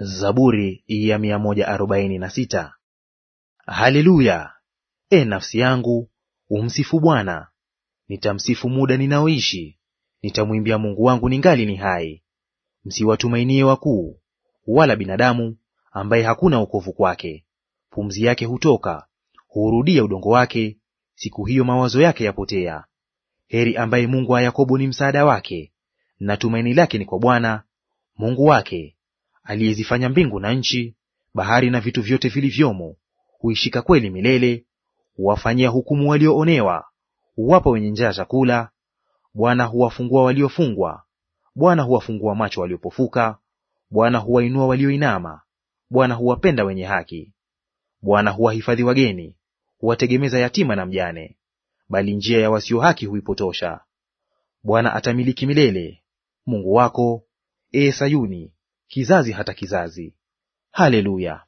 Zaburi ya 146. Haleluya! E nafsi yangu umsifu Bwana. Nitamsifu muda ninaoishi, nitamwimbia Mungu wangu ningali ni hai. Msiwatumainie wakuu, wala binadamu ambaye hakuna wokovu kwake. Pumzi yake hutoka, huurudia udongo wake, siku hiyo mawazo yake yapotea. Heri ambaye Mungu wa Yakobo ni msaada wake, na tumaini lake ni kwa Bwana Mungu wake aliyezifanya mbingu na nchi, bahari na vitu vyote vilivyomo, huishika kweli milele, huwafanyia hukumu walioonewa, huwapa wenye njaa chakula. Bwana huwafungua waliofungwa, Bwana huwafungua macho waliopofuka, Bwana huwainua walioinama, Bwana huwapenda wenye haki. Bwana huwahifadhi wageni, huwategemeza yatima na mjane, bali njia ya wasio haki huipotosha. Bwana atamiliki milele, Mungu wako, ee Sayuni, kizazi hata kizazi. Haleluya!